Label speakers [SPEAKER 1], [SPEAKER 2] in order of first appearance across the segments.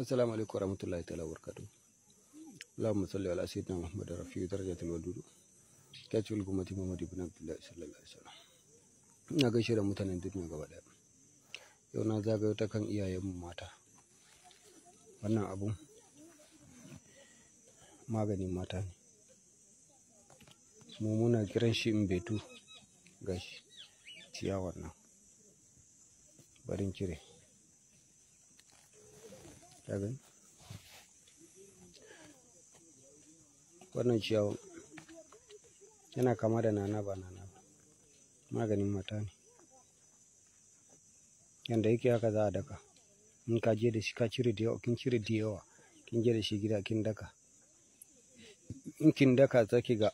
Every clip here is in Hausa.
[SPEAKER 1] assalamu alaikum warahmatullahi ta'ala wabarakatuh اللهم صل على سيدنا محمد رفيع درجة الودود كاتب الأمة محمد بن عبد الله صلى الله عليه وسلم ina gaishe da mutanen duniya gaba da yau na zagayo ta kan iyayenmu mata wannan abun maganin mata ne mu muna kiran shi in betu gashi ciyawar nan barin kire ta wannan ciyawan yana kama da nana ba nana ba maganin mata ne yanda yake haka za a daka in ka je da shi ka cire da yawa kin cire da yawa kin je da shi gida kin daka in kin daka za ki ga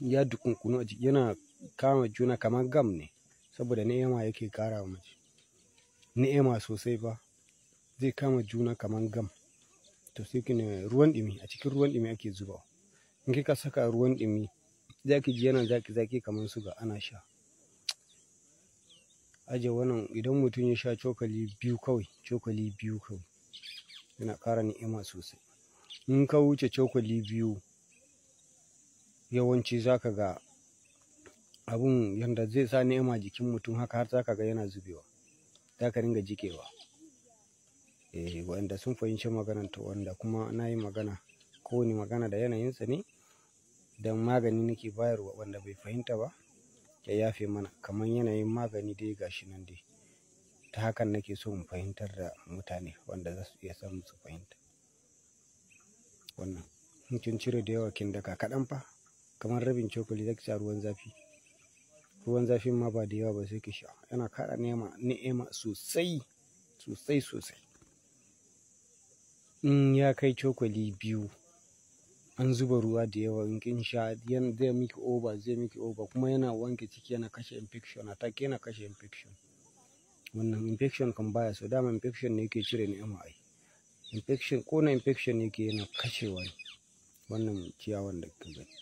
[SPEAKER 1] ya dukunkunu a jiki yana kama juna kamar gam ne saboda ni'ima yake kara mace ni'ima sosai ba zai kama juna kaman gam to sai kine ruwan ɗumi a cikin ruwan ɗumi ake zubawa in kika saka ruwan ɗumi zaki ji yana zaki zaki kaman suga ana sha aje wannan idan mutum ya sha cokali biyu kawai cokali biyu kawai yana ƙara ni'ima sosai in ka wuce cokali biyu yawanci zaka ga abun yanda zai sa ni'ima jikin mutum haka har zaka ga yana zubewa zaka ringa jikewa eh wanda sun fahimci maganar to wanda kuma na yi magana kowane magana da yanayinsa ne don magani nake bayarwa wanda bai fahimta ba ya yafe mana kamar yanayin magani dai gashi nan dai ta hakan nake so mu fahimtar da mutane wanda za su iya san su fahimta wannan in cire da yawa kin daka kaɗan fa kamar rabin cokali zaki sha ruwan zafi ruwan zafin ma ba da yawa ba sai ki sha yana kara nema ni'ima sosai sosai sosai in ya kai cokali biyu an zuba ruwa da yawa in kin sha zai miki over zai miki over kuma yana wanke ciki yana kashe infection a take yana kashe infection wannan infection kan baya so dama infection ne yake cire ni mri infection ko na infection ne yake yana kashewa wannan ciyawan da kin gani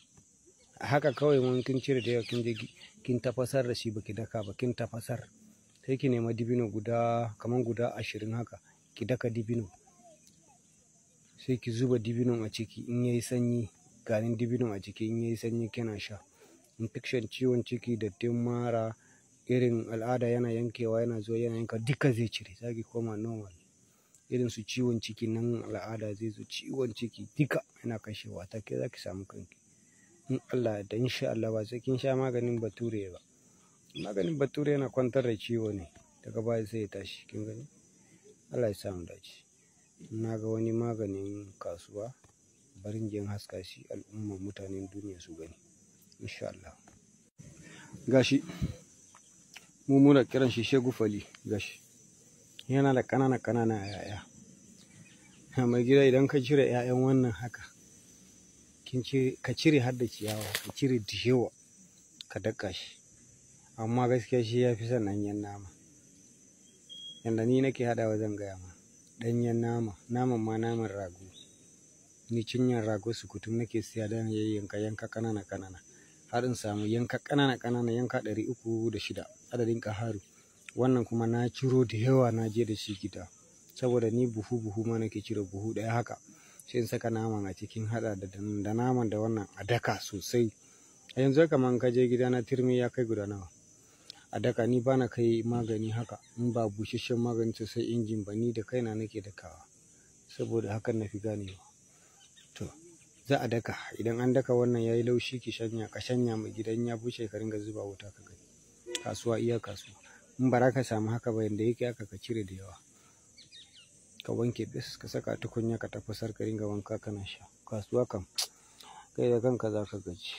[SPEAKER 1] haka kawai mun kin cire da yawa kin je kin tafasar da shi baki daka ba kin tafasar sai ki nema dibino guda kaman guda ashirin haka ki daka dibino sai ki zuba dibinon a ciki in yayi sanyi garin dibinon a ciki in yayi sanyi kina sha infection ciwon ciki da mara irin al'ada yana yankewa yana zuwa yana yanka duka zai cire zaki koma normal irin su ciwon ciki nan al'ada zai zo ciwon ciki duka yana kashewa ta ke zaki samu kanki in Allah da insha Allah ba sai kin sha maganin bature ba maganin bature yana kwantar da ciwo ne daga baya sai ya tashi kin gani Allah ya samu dace na ga wani maganin kasuwa bari in je haska shi al'umma mutanen duniya su gani insha Allah gashi mu muna kiran shi shegu fali gashi yana da ƙanana ƙanana yaya mai gida idan ka cire 'ya'yan wannan haka ka cire har da ciyawa ka cire da ka daka shi amma gaskiya shi ya fi son nama yanda ni nake haɗawa zan gaya ma ɗanyen nama naman ma naman rago ni cinyar rago su kutum nake siya da yanka yanka kanana kanana har in samu yanka kanana kanana yanka ɗari uku da shida adadin kaharu wannan kuma na ciro da yawa na je da shi gida saboda ni buhu buhu ma nake ciro buhu ɗaya haka sai in saka naman a cikin haɗa da naman da wannan a daka sosai a yanzu kamar ka je gida na turmi ya kai guda nawa a daka ni ba na kai magani haka in ba busasshen magani sosai injin ba ni da kaina nake dakawa saboda hakan na fi ganewa to za a daka idan an daka wannan ya yi laushi ki shanya ka shanya mai gidan ya bushe ka ringa zuba wuta ka gani kasuwa iya kasuwa in ba za ka samu haka ba yanda yake haka ka cire da yawa ka wanke bis ka saka tukunya ka tafasar ka ringa wanka kana sha kasuwa kam kai da kanka za ka gaji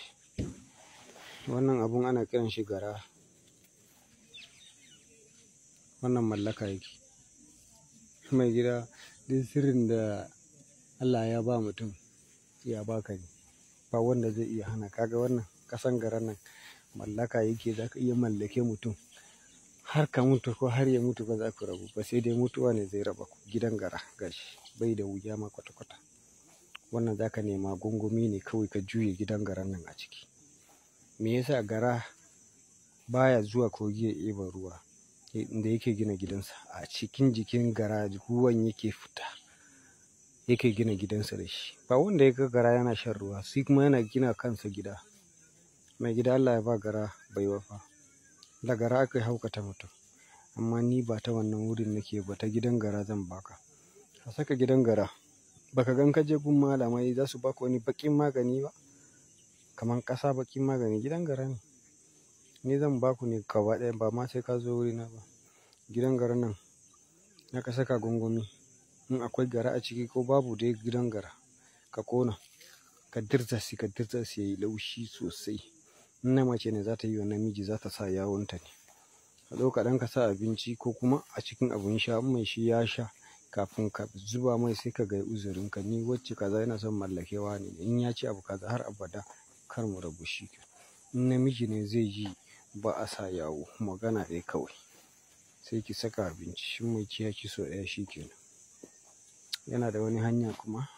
[SPEAKER 1] wannan abun ana kiran shi gara wannan mallaka yake mai gida duk sirrin da Allah ya ba mutum ya baka ne ba wanda zai iya hana kaga wannan kasan garan nan mallaka yake za ka iya mallake mutum har ka mutu ko har ya mutu ba za ku rabu ba sai dai mutuwa ne zai raba ku gidan gara gashi bai da wuya ma kwata-kwata wannan za ka nema gungumi ne kawai ka juye gidan garan nan a ciki me yasa gara baya zuwa kogi ya ɗiban ruwa da yake gina gidansa a cikin jikin gara ruwan yake fita yake gina gidansa da shi ba wanda ya ga gara yana shan ruwa sai kuma yana gina kansa gida mai gida Allah ya ba gara bai wafa da gara aka haukata mutum amma ni ba ta wannan wurin nake ba ta gidan gara zan baka ka saka gidan gara baka gan ka je gun malamai za su baka wani bakin magani ba kamar ƙasa bakin magani gidan gara ne ni zan baku ne gaba ɗaya ba ma sai ka zo wurina ba gidan garin nan na ka saka gungumi in akwai gara a ciki ko babu dai gidan gara ka kona ka dirta shi ka dirta shi yayi laushi sosai in na mace ne za ta yi wa namiji za ta sa yawonta ne ka zo ka ɗan ka sa abinci ko kuma a cikin abun sha mai shi ya sha kafin ka zuba mai sai ka ga uzurin ka ni wacce kaza yana son mallakewa ne in ya ci abu kaza har abada kar mu rabu shi in namiji ne zai yi ba a sa yawo magana dai kawai sai ki saka abinci shi mai ci so ɗaya kenan. yana da wani hanya kuma